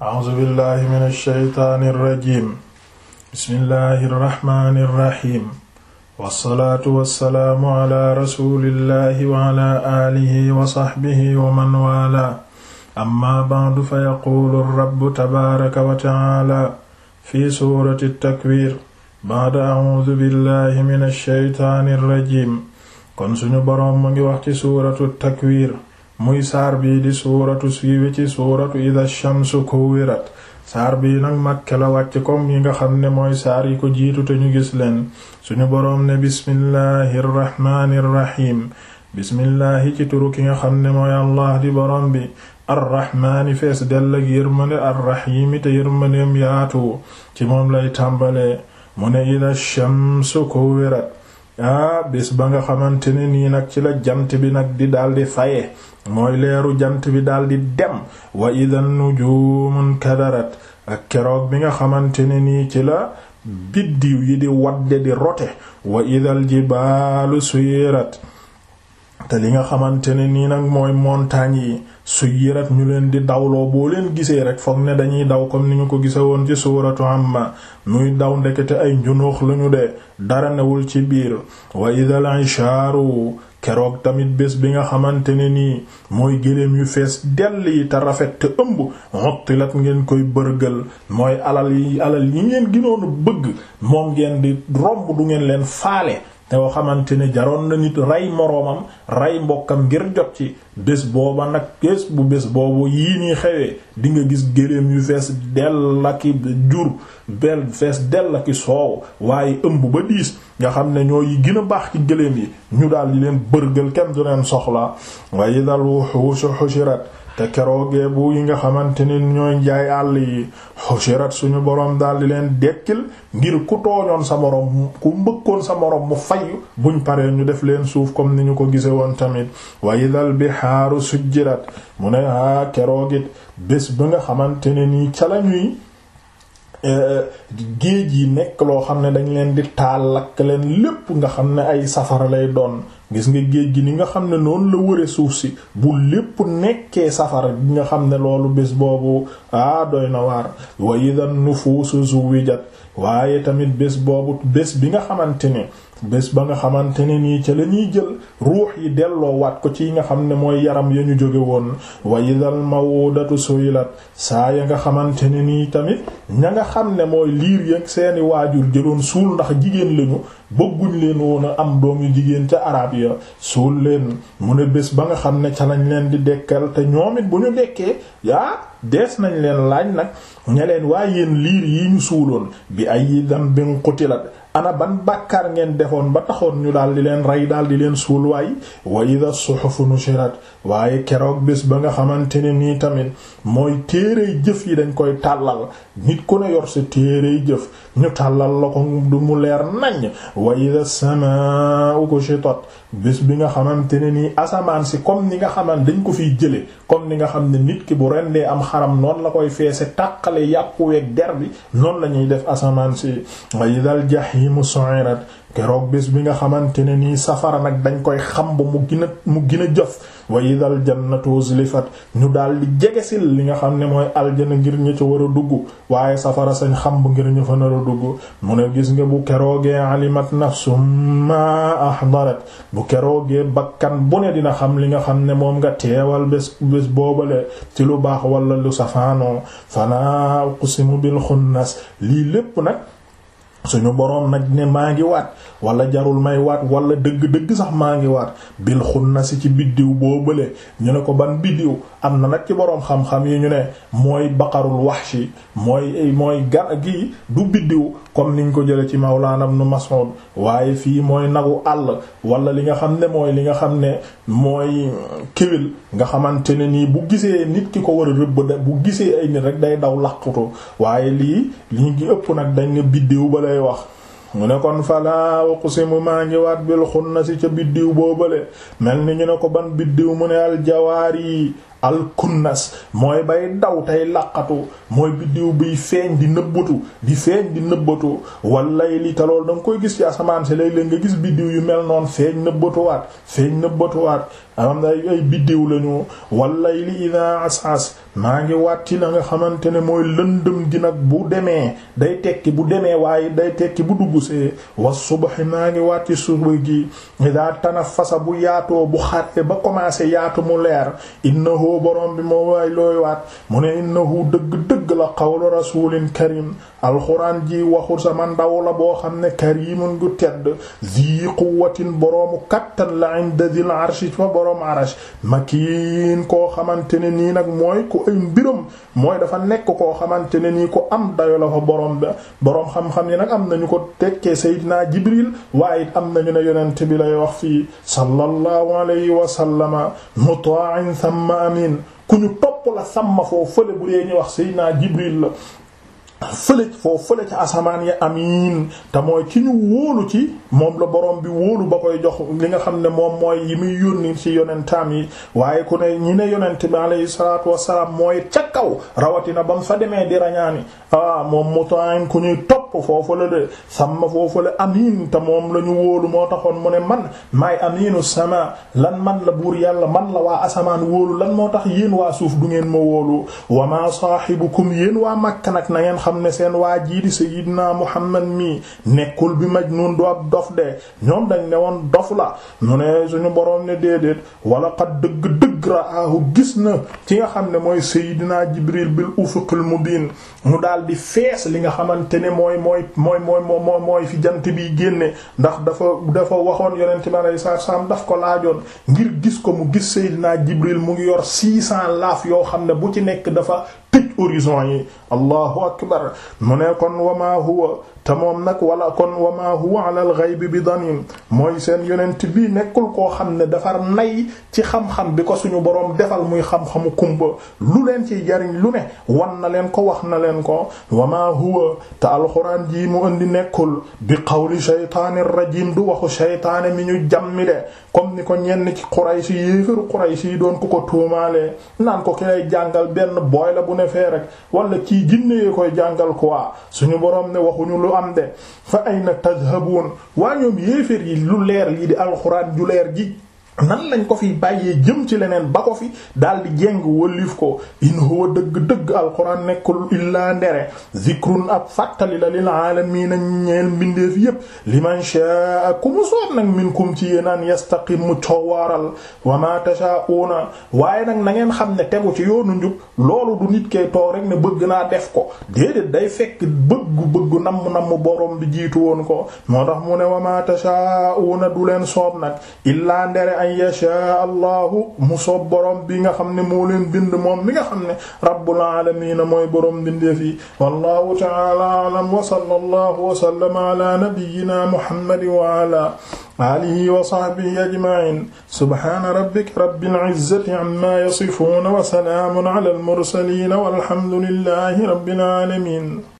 a'uuzu billahi mina shaytaani rajiim bismillahi rahmaani rahiim wasalaatu wasalaamu ala rasulillahi wa ala aalihi wa saxbihi wa man waalaa amma ba'du fa yaquulu rabbu tabaaraka wa ta'aalaa fi suurati takwiir ba'da a'uuzu billahi mina shaytaani rajiim kon suñu boroom mu ngi wax ci suuratu takwiir muy saar bii di suuratu siiwe ci suuratu ida shamsu kuwirat saar bii nag Makka la wàcc comme yi nga xam ne mooy saar yi ko jiitu te ñu gis leen suñu borom ne bismillahi rrahmaani rrahim bismillahi ci turu ki nga xam ne mooy allah di borom bi arrahmaani fees dell ak yërmande arrahimi te yërmandeem yaatu ci moom lay tàmbalee mu ne ida shamsu kuwirat Ah, bis ba nga xamante ne nii nag ci la jant bi nag di daldi faye mooy leeru jant bi daldi dem wa nu nujumun kadarat ak keroog bi nga xamante ne nii ci la biddiw yi di wadde di rote wa ji jibaalu suyirat te li nga xamante ne nii nag mooy montagne yi suyirat ñu leen di dawloo boo leen gisee rek foog ne dañuy daw comme ni ñu ko gise woon ci suuratu amma muy daw ndekete ay njunuux lañu de dara newul ci biir wa idal ishaaru keroog tamit bés bi nga xamante ne nii mooy géléem yu fees dell yi te rafet te ëmb mottilat ngeen koy bërgël mooy alal yi alal yi ngeen ginoonu bëgg moom ngeen di romb du ngeen leen faale yoo xamante ne jaroon na nit rey moroomam rey mbokkam ngir jot ci bés booba nag bés bu bés boobu yii nii xewee di nga gis géléem yu fees dell la ki jur bel fees dell la ki soow waaye ëmb ba diis nga xam ne ñoo yi gën a baax ci géléem yi ñu daal di leen bërgël kenn du leen soxla waaye dal wuxu xushirat te keroogee bu yi nga xamante ne ñooy jaay àll yi xushirat suñu borom daal di leen dekkil ngir ku tooñoon sa morom ku mbëkkoon sa moroom mu fay buñ paree ñu def leen suuf comme ni ñu ko gisee woon tamit waaye wa idal bihaaru sujjirat mu ne haa keroogit bés ba nga xamante ne nii ca lañuy e, géej yi nekk loo xam ne dañ leen di taal lakk leen lépp nga xam ne ay safara lay doon gis nga géej gi ni nga xam ne noonu la wëre suuf si bu lépp nekkee safara bi nga xam ne loolu bés boobu ah doy na waar wa idan nufuusu zuwijat waaye tamit bés boobu bés bi nga xamante ne bés ba nga xamante ne nii ca la ñuy jël ruux yi delloo waat ko ci nga xam ne mooy yaram ya ñu jóge woon wa idal mawudatu suyilat saa ya nga xamante ne nii tamit ña nga xam ne mooy liir yëg seeni waajur jëloon suul ndax jigéen lañu bëgguñ leen woon a am doom yu jigéen ca arab ya suul leen mu ne bés ba nga xam ne ca nañ leen di dekkal te ñoom bu ñu dekkee yaa dees nañ leen laaj nag ña leen waaye yéen liir yi ñu suuloon bi ay yi dam bin la ana ban bàkkaar ngeen defoon ba taxoon ñu daal di leen rey daal di leen suul waay wa idha suhufu nushirat waaye keroog bés ba nga xamante ne nii tamit mooy téerey jëf yi dañ koy tàllal nit ku ne yor sa téerey jëf ñu tàllal la ko du mu leer nañ wa idha as-samaa'u kushitat bés bi nga xamante ne nii asamaan si comme ni nga xaman dañ ko fiy jëlee comme ni nga xam ne nit ki bu rendee am xaram noonu la koy feese tàqale yàppuweeg der bi noonu la ñuy def asamaan si wa idha al-jahiimu su'irat keroog bés bi nga xamante ne nii safara nag dañ koy xamb mu gën mu gën a jëf wa idal jannatu uzlifat ñu daal di jegesil li nga xam ne mooy aljana ngir ñu ca war a dugg waaye safara sañ xam bu ngir ñu fa nar a dugg mu ne gis nga bu keroogee alimat nafsum ma ahdarat bu keroogee bakkan bu ne dina xam li nga xam ne moom nga teewal bés bés boobale ci lu baax walla lu safaanoo fala uqsimu bil xunnas lii lépp nag suñu boroom nag ne maa ngi waat wala jarul may waat walla dëgg-dëgg sax maa ngi waat bil si ci biddiw boo bële ñu ne ko ban biddiw am na nag ci boroom xam-xam yi ñu ne mooy baqarul wahshi mooy mooy gar gi du biddiw comme niñ ko jële ci mawlaana nu Mas'ud waaye fii mooy nagu àll wala li nga xam ne mooy li nga xam ne mooy kéwil nga xamante ne nii bu gisee nit ki ko war a rëbb bu gisee ay nit rek day daw laqutoo waaye lii li ngi ëpp nag dañ ne wax mu ne kon fala uqsimu maa ngi waat bil xunnasi ca biddiw boobale mel ni ñu ne ko ban biddiw mu ne aljawaar yi alkunnas mooy bay daw tey laqatu mooy biddiw biy feeñ di nëbbatu di feeñ di nëbbatu wallay li te loolu da koy gis ci asamaan si léeg-léeg nga gis biddiw yu mel noonu feeñ nëbbatuwaat feeñ nëbbatuwaat am na ay biddiw lañu wallay li ida asas maa ngi wàtti la nga xamante ne mooy lëndëm gi nag bu demee day tekki bu demee waaye day tekki bu dugg see was subaxi maa ngi wàtti suba gi ida tanafasa bu yaatoo bu xare ba commencé yaatu mu leer innahu yow borom bi moo waay looy waat mu ne innahu dëgg-dëgg la qawlu rasulin karim alxuraan ji waxu sama ndaw la boo xam ne karimun gu tedd zi quwwatin boroomu kattan la inda dil arshi fa boroom arash makiin koo xamante ne nii nag mooy ku ay mbiram mooy dafa nekk ko xamante ne ni ko am dayo la fa borom ba boroom xam-xam ni nag am nañu ko tekkee Seydina Jibril waaye it am nañu ne yonent bi lay wax fii sallallahu alayhi wa sallama muta'in thumma mutba'in ku ñu topp la sàmm foo fële bu dee ñu wax Seydina Jibril la fële foo fële ca asamaan ya amiin te mooy ci ñu wóolu ci moom la borom bi wóolu ba koy jox li nga xam ne moom mooy yi muy yónni ci yonentaam yi waaye ku ne ñu ne yonent bi alayhi salaatu wassalaam mooy ca kaw rawatina ba mu fa demee di rañaani ah moom mu ku ñuy topp ko foofu la de sàmm foofu la amiin te moom la wóolu moo taxoon mu ne man maay amiinu sama lan man la buur yàlla man la waa asamaan wóolu lan moo tax yéen waa suuf du ngeen ma wóolu wa maa saahibukum yéen waa Makka nag na ngeen xam ne seen waa jii di sayyidina Muhammad mi nekkul bi majnuun du ab dof de ñoom dañ ne woon dof la mu ne suñu boroom ne déedéet wala qad dëgg-dëgg raahu gis na ci nga xam ne mooy sayyidina Jibril bil ufuqil mubiin mu daal di fees mooy mooy mooy mooy mooy fi jant bi génne ndax dafa dafa waxoon yonent bi alayhi salaatu salaam daf ko laajoon ngir gis ko mu gis naa Jibril mu ngi yor 600 laaf yoo xam ne bu ci nekk dafa tëj horizon yi allahu akbar mu ne kon wa huwa te moom nag wala kon wa ma huwa ala al-ghayb bi mooy seen yonent bii nekkul koo xam ne dafa nay ci xam-xam bi ko suñu boroom defal muy xam-xamu lu leen ciy jariñ lu ne wan na leen ko wax na leen ko wa ma te alxuraan jii mu indi nekkul bi qawli shaytaani rajim du waxu shaytaane mi ñu jàmmi comme ni ko ñenn ci Quraysh yéefaru Quraysh doon ko ko tuumaale naan ko ki jàngal benn booy bu ne rek wala kii ginne koy jàngal quoi suñu boroom ne waxuñu lu am de fa ayna tadhabuun waa ñoom yéeféer yi lu leer lii di alxuraan ju leer ji nan lañ ko fi bàyyee jëm ci leneen ba ko fi dal di jeng wëlif ko in huwa dëgg-dëgg alquran nekkul illaa ndere zikrun ab fàttali la lil aalamiina ñeel mbindeef yépp liman shaa ku mu soob nag minkum ci yéen an yastaqim mu coowaaral wa ma waaye nag na ngeen xam ne tegu ci yoonu njub loolu du nit kay toog rek ne bëgg naa def ko déedéet day fekk bëggu bëggu nam namm borom bi jiitu woon ko moo tax mu ne wa ma tashaa'uuna du leen soob nag illaa an yashaa allahu mu soob borom bi nga xam ne moo leen bind moom mi nga xam ne rabbul aalamiin mooy borom bindeef yi wallahu ta'ala a'lam wa sallallahu wa sallama ala nabiyyina muhammad wa ala alihi wa sahbihi ajma'in subhana rabbika rabbil izzati amma yasifun wa salamun ala al mursalin walhamdulillahi rabbil alamin